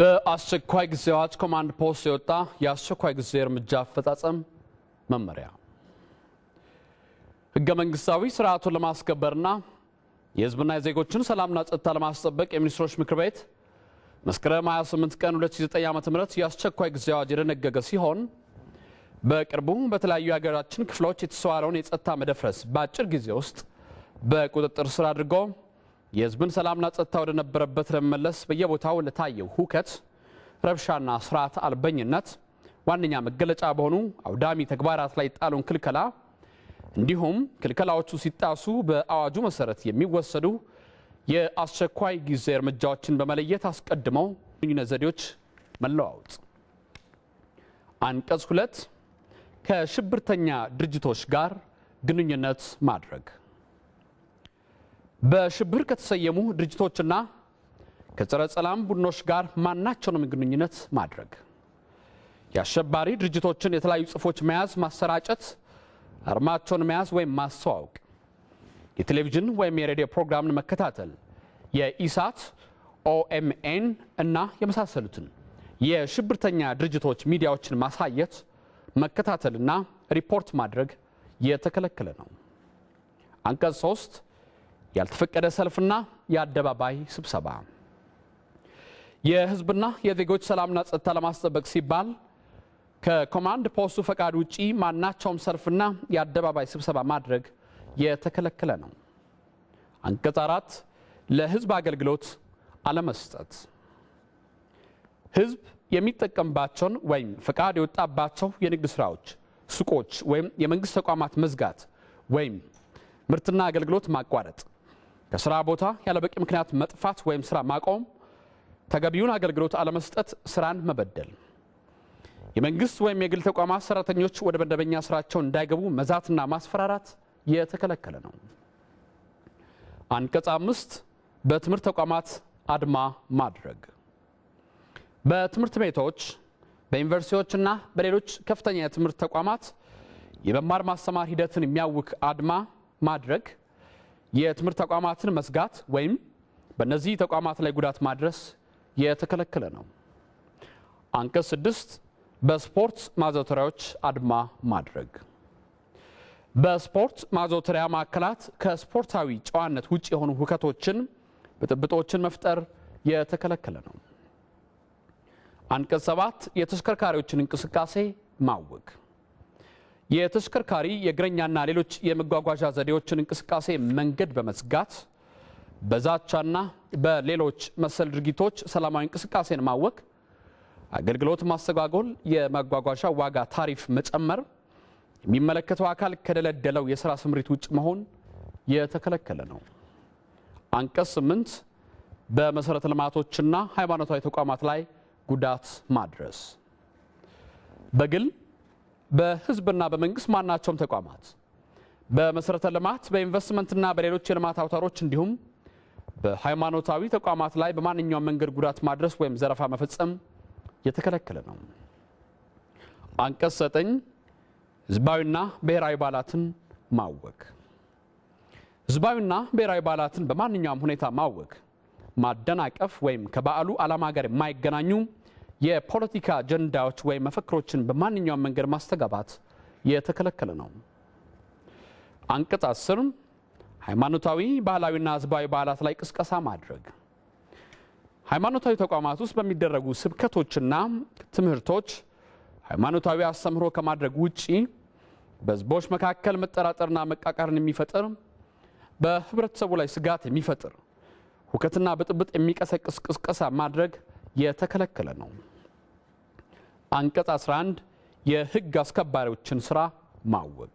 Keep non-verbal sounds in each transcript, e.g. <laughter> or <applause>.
በአስቸኳይ ጊዜ አዋጅ ኮማንድ ፖስት የወጣ የአስቸኳይ ጊዜ እርምጃ አፈጻጸም መመሪያ ህገ መንግስታዊ ስርዓቱን ለማስከበርና የህዝብና የዜጎችን ሰላምና ጸጥታ ለማስጠበቅ የሚኒስትሮች ምክር ቤት መስከረም 28 ቀን 2009 ዓ.ም የአስቸኳይ ጊዜ አዋጅ የደነገገ ሲሆን በቅርቡ በተለያዩ የሀገራችን ክፍሎች የተሰዋለውን የጸጥታ መደፍረስ በአጭር ጊዜ ውስጥ በቁጥጥር ስር አድርጎ የህዝብን ሰላምና ጸጥታ ወደነበረበት ለመመለስ በየቦታው ለታየው ሁከት፣ ረብሻና ስርዓት አልበኝነት ዋነኛ መገለጫ በሆኑ አውዳሚ ተግባራት ላይ ጣሉን ክልከላ እንዲሁም ክልከላዎቹ ሲጣሱ በአዋጁ መሰረት የሚወሰዱ የአስቸኳይ ጊዜ እርምጃዎችን በመለየት አስቀድመው ግንኙነት ዘዴዎች መለዋወጥ። አንቀጽ ሁለት ከሽብርተኛ ድርጅቶች ጋር ግንኙነት ማድረግ በሽብር ከተሰየሙ ድርጅቶችና ከጸረ ሰላም ቡድኖች ጋር ማናቸውንም ግንኙነት ማድረግ፣ የአሸባሪ ድርጅቶችን የተለያዩ ጽሑፎች መያዝ፣ ማሰራጨት፣ አርማቸውን መያዝ ወይም ማስተዋወቅ፣ የቴሌቪዥን ወይም የሬዲዮ ፕሮግራምን መከታተል፣ የኢሳት ኦኤምኤን እና የመሳሰሉትን የሽብርተኛ ድርጅቶች ሚዲያዎችን ማሳየት፣ መከታተልና ሪፖርት ማድረግ የተከለከለ ነው። አንቀጽ 3 ያልተፈቀደ ሰልፍና የአደባባይ ስብሰባ። የህዝብና የዜጎች ሰላምና ጸጥታ ለማስጠበቅ ሲባል ከኮማንድ ፖስቱ ፈቃድ ውጪ ማናቸውም ሰልፍና የአደባባይ ስብሰባ ማድረግ የተከለከለ ነው። አንቀጽ አራት ለህዝብ አገልግሎት አለመስጠት ህዝብ የሚጠቀምባቸውን ወይም ፈቃድ የወጣባቸው የንግድ ስራዎች፣ ሱቆች ወይም የመንግስት ተቋማት መዝጋት ወይም ምርትና አገልግሎት ማቋረጥ ከስራ ቦታ ያለበቂ ምክንያት መጥፋት ወይም ስራ ማቆም፣ ተገቢውን አገልግሎት አለመስጠት፣ ስራን መበደል፣ የመንግስት ወይም የግል ተቋማት ሰራተኞች ወደ መደበኛ ስራቸው እንዳይገቡ መዛትና ማስፈራራት የተከለከለ ነው። አንቀጽ አምስት በትምህርት ተቋማት አድማ ማድረግ በትምህርት ቤቶች በዩኒቨርሲቲዎችና በሌሎች ከፍተኛ የትምህርት ተቋማት የመማር ማስተማር ሂደትን የሚያውክ አድማ ማድረግ የትምህርት ተቋማትን መዝጋት ወይም በእነዚህ ተቋማት ላይ ጉዳት ማድረስ የተከለከለ ነው። አንቀጽ ስድስት በስፖርት ማዘውተሪያዎች አድማ ማድረግ በስፖርት ማዘውተሪያ ማዕከላት ከስፖርታዊ ጨዋነት ውጭ የሆኑ ሁከቶችን፣ ብጥብጦችን መፍጠር የተከለከለ ነው። አንቀጽ ሰባት የተሽከርካሪዎችን እንቅስቃሴ ማወቅ የተሽከርካሪ የእግረኛና ሌሎች የመጓጓዣ ዘዴዎችን እንቅስቃሴ መንገድ በመዝጋት በዛቻና በሌሎች መሰል ድርጊቶች ሰላማዊ እንቅስቃሴን ማወክ፣ አገልግሎት ማስተጓጎል፣ የመጓጓዣ ዋጋ ታሪፍ መጨመር፣ የሚመለከተው አካል ከደለደለው የስራ ስምሪት ውጭ መሆን የተከለከለ ነው። አንቀጽ ስምንት በመሰረተ ልማቶችና ሃይማኖታዊ ተቋማት ላይ ጉዳት ማድረስ በግል በህዝብና በመንግስት ማናቸውም ተቋማት በመሰረተ ልማት በኢንቨስትመንትና በሌሎች የልማት አውታሮች እንዲሁም በሃይማኖታዊ ተቋማት ላይ በማንኛውም መንገድ ጉዳት ማድረስ ወይም ዘረፋ መፈጸም የተከለከለ ነው። አንቀጽ 9 ህዝባዊና ብሔራዊ በዓላትን ማወክ ህዝባዊና ብሔራዊ በዓላትን በማንኛውም ሁኔታ ማወክ፣ ማደናቀፍ ወይም ከበዓሉ ዓላማ ጋር የማይገናኙ የፖለቲካ አጀንዳዎች ወይም መፈክሮችን በማንኛውም መንገድ ማስተጋባት የተከለከለ ነው። አንቀጽ አስር ሃይማኖታዊ፣ ባህላዊና ህዝባዊ በዓላት ላይ ቅስቀሳ ማድረግ ሃይማኖታዊ ተቋማት ውስጥ በሚደረጉ ስብከቶችና ትምህርቶች ሃይማኖታዊ አስተምህሮ ከማድረግ ውጪ በህዝቦች መካከል መጠራጠርና መቃቃርን የሚፈጥር በህብረተሰቡ ላይ ስጋት የሚፈጥር ሁከትና ብጥብጥ የሚቀሰቅስ ቅስቀሳ ማድረግ የተከለከለ ነው። አንቀጽ 11 የህግ አስከባሪዎችን ስራ ማወቅ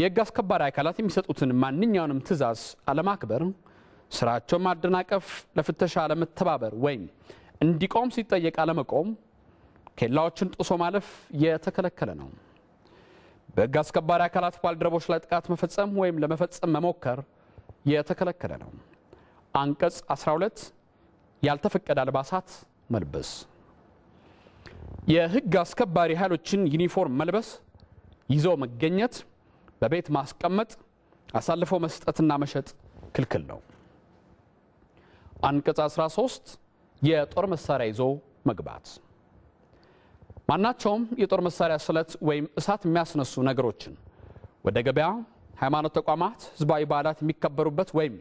የህግ አስከባሪ አካላት የሚሰጡትን ማንኛውንም ትዕዛዝ አለማክበር፣ ስራቸውን ማደናቀፍ፣ ለፍተሻ አለመተባበር ወይም እንዲቆም ሲጠየቅ አለመቆም፣ ኬላዎችን ጥሶ ማለፍ የተከለከለ ነው። በህግ አስከባሪ አካላት ባልደረቦች ላይ ጥቃት መፈጸም ወይም ለመፈጸም መሞከር የተከለከለ ነው። አንቀጽ 12 ያልተፈቀደ አልባሳት መልበስ የህግ አስከባሪ ኃይሎችን ዩኒፎርም መልበስ፣ ይዞ መገኘት፣ በቤት ማስቀመጥ፣ አሳልፎ መስጠትና መሸጥ ክልክል ነው። አንቀጽ 13 የጦር መሳሪያ ይዞ መግባት ማናቸውም የጦር መሳሪያ ስለት ወይም እሳት የሚያስነሱ ነገሮችን ወደ ገበያ፣ ሃይማኖት ተቋማት፣ ህዝባዊ በዓላት የሚከበሩበት ወይም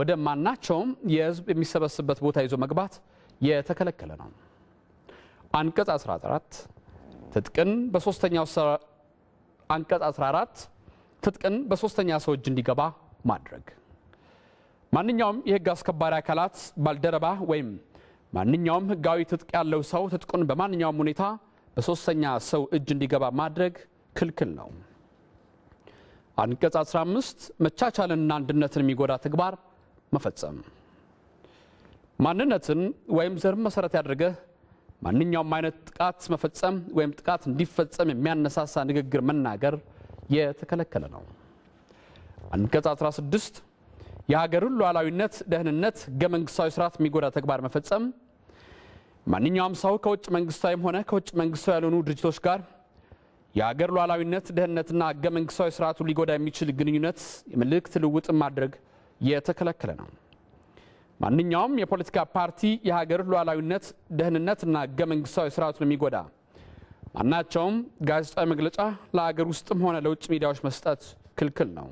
ወደ ማናቸውም የህዝብ የሚሰበስብበት ቦታ ይዞ መግባት የተከለከለ ነው። አንቀጽ 14 ትጥቅን በሶስተኛው አንቀጽ 14 ትጥቅን በሶስተኛ ሰው እጅ እንዲገባ ማድረግ ማንኛውም የህግ አስከባሪ አካላት ባልደረባ ወይም ማንኛውም ህጋዊ ትጥቅ ያለው ሰው ትጥቁን በማንኛውም ሁኔታ በሶስተኛ ሰው እጅ እንዲገባ ማድረግ ክልክል ነው። አንቀጽ 15 መቻቻልንና አንድነትን የሚጎዳ ተግባር መፈጸም ማንነትን ወይም ዘርም መሰረት ያደረገ ማንኛውም አይነት ጥቃት መፈጸም ወይም ጥቃት እንዲፈጸም የሚያነሳሳ ንግግር መናገር የተከለከለ ነው። አንቀጽ 16 የሀገሩን ሉዓላዊነት፣ ደህንነት፣ ህገ መንግስታዊ ስርዓት የሚጎዳ ተግባር መፈጸም ማንኛውም ሰው ከውጭ መንግስታዊም ሆነ ከውጭ መንግስታዊ ያልሆኑ ድርጅቶች ጋር የሀገር ሉዓላዊነት፣ ደህንነትና ህገ መንግስታዊ ሊጎዳ የሚችል ግንኙነት፣ የመልእክት ልውውጥ ማድረግ የተከለከለ ነው። ማንኛውም የፖለቲካ ፓርቲ የሀገር ሉዓላዊነት፣ ደህንነትና ህገ መንግስታዊ ስርዓቱን የሚጎዳ ማናቸውም ጋዜጣዊ መግለጫ ለሀገር ውስጥም ሆነ ለውጭ ሚዲያዎች መስጠት ክልክል ነው።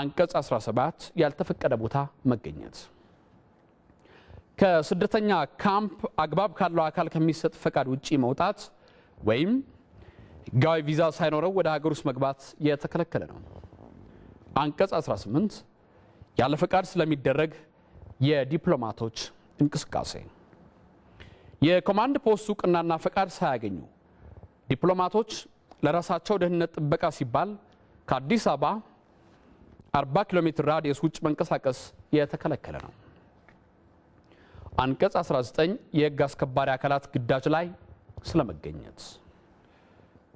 አንቀጽ 17 ያልተፈቀደ ቦታ መገኘት ከስደተኛ ካምፕ አግባብ ካለው አካል ከሚሰጥ ፈቃድ ውጪ መውጣት ወይም ህጋዊ ቪዛ ሳይኖረው ወደ ሀገር ውስጥ መግባት የተከለከለ ነው። አንቀጽ 18 ያለ ፈቃድ ስለሚደረግ የዲፕሎማቶች እንቅስቃሴ የኮማንድ ፖስት እውቅናና ፈቃድ ሳያገኙ ዲፕሎማቶች ለራሳቸው ደህንነት ጥበቃ ሲባል ከአዲስ አበባ 40 ኪሎ ሜትር ራዲየስ ውጭ መንቀሳቀስ የተከለከለ ነው። አንቀጽ 19 የህግ አስከባሪ አካላት ግዳጅ ላይ ስለመገኘት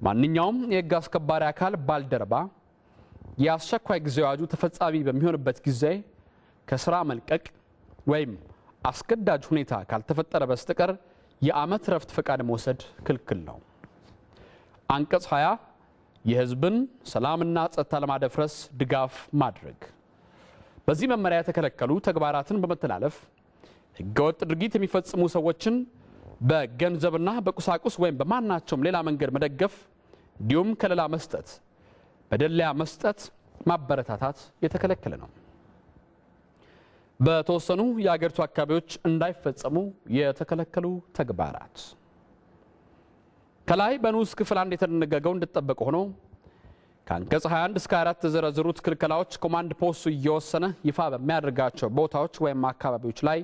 ማንኛውም የህግ አስከባሪ አካል ባልደረባ የአስቸኳይ ጊዜ አዋጁ ተፈጻሚ በሚሆንበት ጊዜ ከስራ መልቀቅ ወይም አስገዳጅ ሁኔታ ካልተፈጠረ በስተቀር የአመት ረፍት ፈቃድ መውሰድ ክልክል ነው። አንቀጽ 20 የህዝብን ሰላምና ጸጥታ ለማደፍረስ ድጋፍ ማድረግ በዚህ መመሪያ የተከለከሉ ተግባራትን በመተላለፍ ህገወጥ ድርጊት የሚፈጽሙ ሰዎችን በገንዘብና በቁሳቁስ ወይም በማናቸውም ሌላ መንገድ መደገፍ እንዲሁም ከለላ መስጠት፣ መደለያ መስጠት፣ ማበረታታት የተከለከለ ነው። በተወሰኑ የአገሪቱ አካባቢዎች እንዳይፈጸሙ የተከለከሉ ተግባራት ከላይ በንዑስ ክፍል አንድ የተደነገገው እንዲጠበቅ ሆኖ ከአንቀጽ 21 እስከ 4 የተዘረዘሩት ክልከላዎች ኮማንድ ፖስቱ እየወሰነ ይፋ በሚያደርጋቸው ቦታዎች ወይም አካባቢዎች ላይ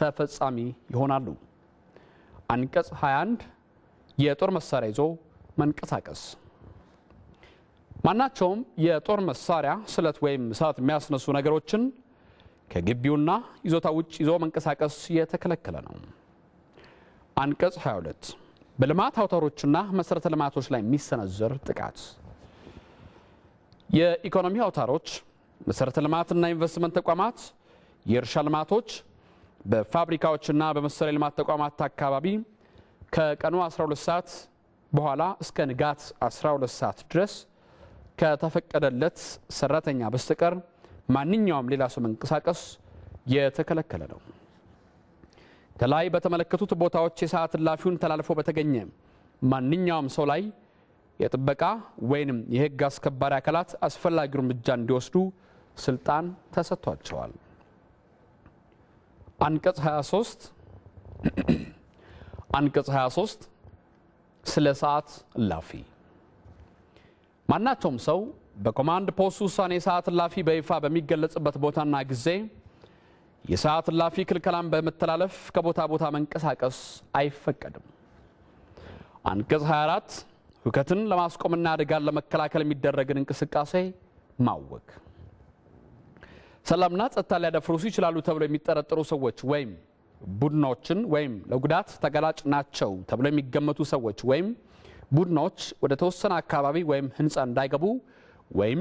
ተፈጻሚ ይሆናሉ። አንቀጽ 21 የጦር መሳሪያ ይዞ መንቀሳቀስ ማናቸውም የጦር መሳሪያ ስለት ወይም እሳት የሚያስነሱ ነገሮችን ከግቢውና ይዞታ ውጭ ይዞ መንቀሳቀስ የተከለከለ ነው። አንቀጽ 22 በልማት አውታሮችና መሰረተ ልማቶች ላይ የሚሰነዘር ጥቃት የኢኮኖሚ አውታሮች፣ መሰረተ ልማትና ኢንቨስትመንት ተቋማት፣ የእርሻ ልማቶች በፋብሪካዎችና በመሰረ ልማት ተቋማት አካባቢ ከቀኑ 12 ሰዓት በኋላ እስከ ንጋት 12 ሰዓት ድረስ ከተፈቀደለት ሰራተኛ በስተቀር ማንኛውም ሌላ ሰው መንቀሳቀስ የተከለከለ ነው። ከላይ በተመለከቱት ቦታዎች የሰዓት እላፊውን ተላልፎ በተገኘ ማንኛውም ሰው ላይ የጥበቃ ወይንም የሕግ አስከባሪ አካላት አስፈላጊው እርምጃ እንዲወስዱ ስልጣን ተሰጥቷቸዋል። አንቀጽ 23 <clears throat> አንቀጽ 23 ስለ ሰዓት እላፊ ማናቸውም ሰው በኮማንድ ፖስት ውሳኔ የሰዓት እላፊ በይፋ በሚገለጽበት ቦታና ጊዜ የሰዓት እላፊ ክልከላን በመተላለፍ ከቦታ ቦታ መንቀሳቀስ አይፈቀድም። አንቀጽ 24 ሁከትን ለማስቆምና አደጋን ለመከላከል የሚደረግን እንቅስቃሴ ማወክ። ሰላምና ጸጥታ ሊያደፍርሱ ይችላሉ ተብሎ የሚጠረጠሩ ሰዎች ወይም ቡድኖችን ወይም ለጉዳት ተጋላጭ ናቸው ተብሎ የሚገመቱ ሰዎች ወይም ቡድኖች ወደ ተወሰነ አካባቢ ወይም ህንፃ እንዳይገቡ ወይም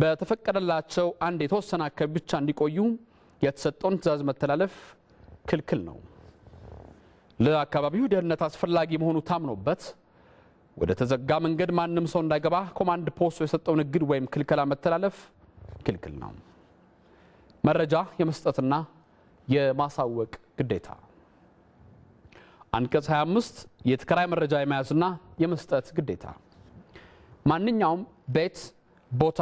በተፈቀደላቸው አንድ የተወሰነ አካባቢ ብቻ እንዲቆዩ የተሰጠውን ትእዛዝ መተላለፍ ክልክል ነው። ለአካባቢው ደህንነት አስፈላጊ መሆኑ ታምኖበት ወደ ተዘጋ መንገድ ማንም ሰው እንዳይገባ ኮማንድ ፖስቱ የሰጠውን እግድ ወይም ክልከላ መተላለፍ ክልክል ነው። መረጃ የመስጠትና የማሳወቅ ግዴታ አንቀጽ 25 የተከራይ መረጃ የመያዝና የመስጠት ግዴታ ማንኛውም ቤት፣ ቦታ፣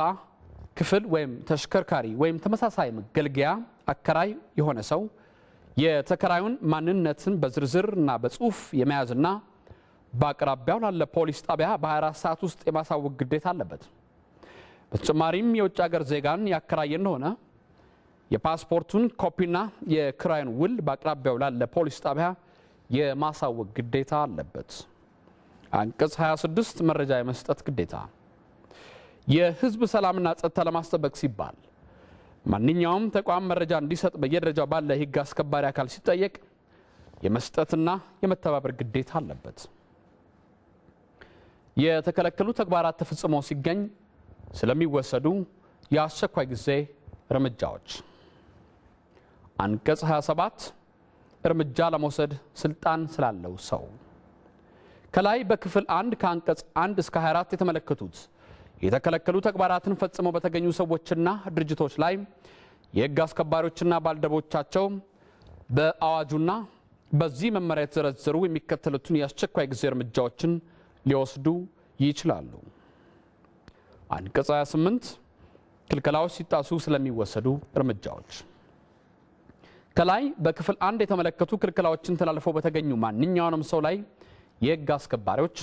ክፍል ወይም ተሽከርካሪ ወይም ተመሳሳይ መገልገያ አከራይ የሆነ ሰው የተከራዩን ማንነትን እና በጽሁፍ የመያዝና በአቅራቢያው ላለ ፖሊስ ጣቢያ በ24 ሰዓት ውስጥ የማሳወቅ ግዴታ አለበት። በተጨማሪም የውጭ ሀገር ዜጋን ያከራየ እንደሆነ የፓስፖርቱን ኮፒና የክራይን ውል በአቅራቢያው ላለ ፖሊስ ጣቢያ የማሳወቅ ግዴታ አለበት። አንቀጽ 26 መረጃ የመስጠት ግዴታ የህዝብ ሰላምና ጸጥታ ለማስጠበቅ ሲባል ማንኛውም ተቋም መረጃ እንዲሰጥ በየደረጃው ባለ ህግ አስከባሪ አካል ሲጠየቅ የመስጠትና የመተባበር ግዴታ አለበት። የተከለከሉ ተግባራት ተፈጽሞ ሲገኝ ስለሚወሰዱ የአስቸኳይ ጊዜ እርምጃዎች አንቀጽ 27 እርምጃ ለመውሰድ ስልጣን ስላለው ሰው ከላይ በክፍል አንድ ከአንቀጽ አንድ እስከ 24 የተመለከቱት የተከለከሉ ተግባራትን ፈጽመው በተገኙ ሰዎችና ድርጅቶች ላይ የህግ አስከባሪዎችና ባልደቦቻቸው በአዋጁና በዚህ መመሪያ የተዘረዘሩ የሚከተሉትን የአስቸኳይ ጊዜ እርምጃዎችን ሊወስዱ ይችላሉ። አንቀጽ 28 ክልከላዎች ሲጣሱ ስለሚወሰዱ እርምጃዎች ከላይ በክፍል አንድ የተመለከቱ ክልከላዎችን ተላልፈው በተገኙ ማንኛውንም ሰው ላይ የህግ አስከባሪዎች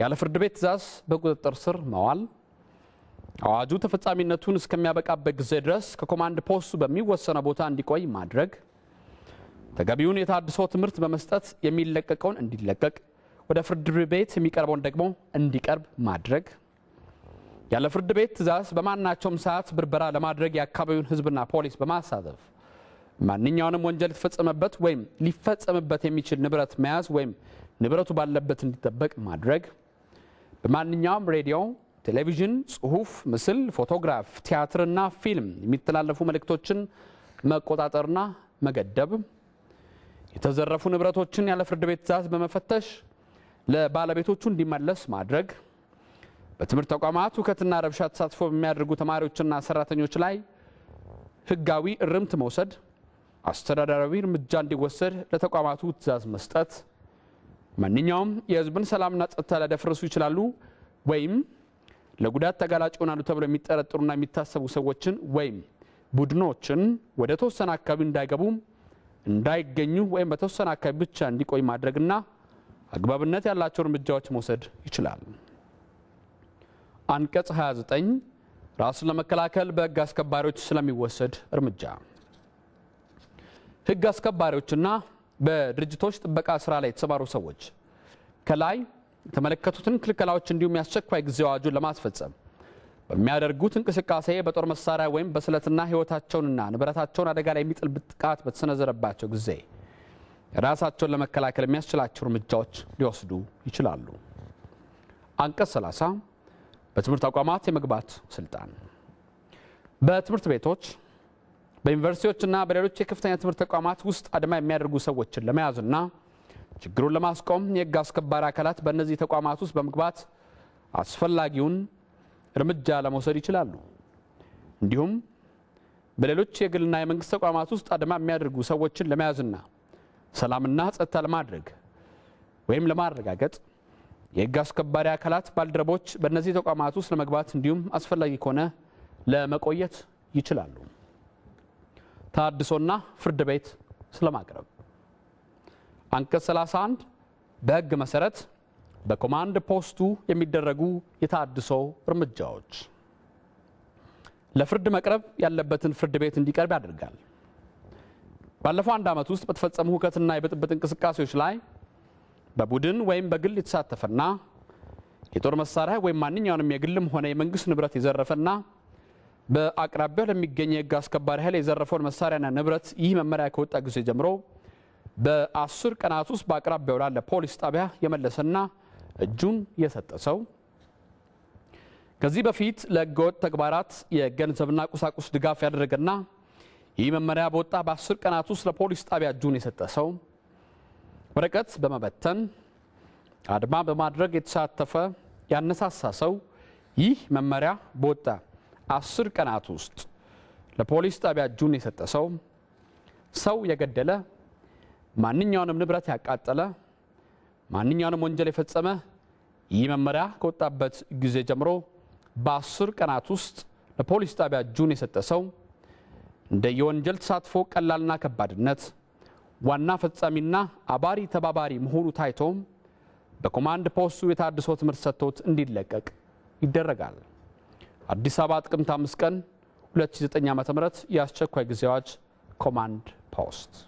ያለ ፍርድ ቤት ትእዛዝ በቁጥጥር ስር መዋል፣ አዋጁ ተፈጻሚነቱን እስከሚያበቃበት ጊዜ ድረስ ከኮማንድ ፖስቱ በሚወሰነ ቦታ እንዲቆይ ማድረግ፣ ተገቢውን የታድሶ ትምህርት በመስጠት የሚለቀቀውን እንዲለቀቅ፣ ወደ ፍርድ ቤት የሚቀርበውን ደግሞ እንዲቀርብ ማድረግ፣ ያለ ፍርድ ቤት ትእዛዝ በማናቸውም ሰዓት ብርበራ ለማድረግ የአካባቢውን ህዝብና ፖሊስ በማሳተፍ ማንኛውንም ወንጀል ሊፈጸምበት ወይም ሊፈጸምበት የሚችል ንብረት መያዝ ወይም ንብረቱ ባለበት እንዲጠበቅ ማድረግ በማንኛውም ሬዲዮ፣ ቴሌቪዥን፣ ጽሁፍ፣ ምስል፣ ፎቶግራፍ፣ ቲያትርና ፊልም የሚተላለፉ መልእክቶችን መቆጣጠርና መገደብ፣ የተዘረፉ ንብረቶችን ያለ ፍርድ ቤት ትዕዛዝ በመፈተሽ ለባለቤቶቹ እንዲመለስ ማድረግ፣ በትምህርት ተቋማት ሁከትና ረብሻ ተሳትፎ በሚያደርጉ ተማሪዎችና ሰራተኞች ላይ ህጋዊ እርምት መውሰድ፣ አስተዳደራዊ እርምጃ እንዲወሰድ ለተቋማቱ ትእዛዝ መስጠት ማንኛውም የህዝብን ሰላምና ጸጥታ ሊያደፍርሱ ይችላሉ ወይም ለጉዳት ተጋላጭ ይሆናሉ ተብሎ የሚጠረጥሩና የሚታሰቡ ሰዎችን ወይም ቡድኖችን ወደ ተወሰነ አካባቢ እንዳይገቡ እንዳይገኙ ወይም በተወሰነ አካባቢ ብቻ እንዲቆይ ማድረግና አግባብነት ያላቸው እርምጃዎች መውሰድ ይችላል። አንቀጽ 29 ራሱን ለመከላከል በህግ አስከባሪዎች ስለሚወሰድ እርምጃ ህግ አስከባሪዎችና በድርጅቶች ጥበቃ ስራ ላይ የተሰማሩ ሰዎች ከላይ የተመለከቱትን ክልከላዎች እንዲሁም የአስቸኳይ ጊዜ አዋጁን ለማስፈጸም በሚያደርጉት እንቅስቃሴ በጦር መሳሪያ ወይም በስለትና ህይወታቸውንና ንብረታቸውን አደጋ ላይ የሚጥል ጥቃት በተሰነዘረባቸው ጊዜ ራሳቸውን ለመከላከል የሚያስችላቸው እርምጃዎች ሊወስዱ ይችላሉ። አንቀጽ 30 በትምህርት ተቋማት የመግባት ስልጣን በትምህርት ቤቶች በዩኒቨርሲቲዎችና በሌሎች የከፍተኛ ትምህርት ተቋማት ውስጥ አድማ የሚያደርጉ ሰዎችን ለመያዝና ችግሩን ለማስቆም የህግ አስከባሪ አካላት በእነዚህ ተቋማት ውስጥ በመግባት አስፈላጊውን እርምጃ ለመውሰድ ይችላሉ። እንዲሁም በሌሎች የግልና የመንግስት ተቋማት ውስጥ አድማ የሚያደርጉ ሰዎችን ለመያዝና ሰላምና ጸጥታ ለማድረግ ወይም ለማረጋገጥ የህግ አስከባሪ አካላት ባልደረቦች በእነዚህ ተቋማት ውስጥ ለመግባት እንዲሁም አስፈላጊ ከሆነ ለመቆየት ይችላሉ። ታድሶና ፍርድ ቤት ስለማቅረብ አንቀጽ 31 በሕግ መሰረት በኮማንድ ፖስቱ የሚደረጉ የታድሶ እርምጃዎች ለፍርድ መቅረብ ያለበትን ፍርድ ቤት እንዲቀርብ ያደርጋል። ባለፈው አንድ ዓመት ውስጥ በተፈጸሙ ሁከትና የብጥብጥ እንቅስቃሴዎች ላይ በቡድን ወይም በግል የተሳተፈና የጦር መሳሪያ ወይም ማንኛውንም የግልም ሆነ የመንግስት ንብረት የዘረፈና በአቅራቢያው ለሚገኝ የህግ አስከባሪ ኃይል የዘረፈውን መሳሪያና ንብረት ይህ መመሪያ ከወጣ ጊዜ ጀምሮ በአስር ቀናት ውስጥ በአቅራቢያው ላለ ፖሊስ ጣቢያ የመለሰና እጁን የሰጠ ሰው ከዚህ በፊት ለህገወጥ ተግባራት የገንዘብና ቁሳቁስ ድጋፍ ያደረገና ይህ መመሪያ በወጣ በአስር ቀናት ውስጥ ለፖሊስ ጣቢያ እጁን የሰጠ ሰው ወረቀት በመበተን አድማ በማድረግ የተሳተፈ ያነሳሳ ሰው ይህ መመሪያ በወጣ አስር ቀናት ውስጥ ለፖሊስ ጣቢያ እጁን የሰጠ ሰው፣ ሰው የገደለ፣ ማንኛውንም ንብረት ያቃጠለ፣ ማንኛውንም ወንጀል የፈጸመ ይህ መመሪያ ከወጣበት ጊዜ ጀምሮ በአስር ቀናት ውስጥ ለፖሊስ ጣቢያ እጁን የሰጠ ሰው እንደ የወንጀል ተሳትፎ ቀላልና ከባድነት ዋና ፈጻሚና አባሪ ተባባሪ መሆኑ ታይቶም በኮማንድ ፖስቱ የታድሶ ትምህርት ሰጥቶት እንዲለቀቅ ይደረጋል። አዲስ አበባ ጥቅምት 5 ቀን 2009 ዓ.ም የአስቸኳይ ጊዜ አዋጅ ኮማንድ ፖስት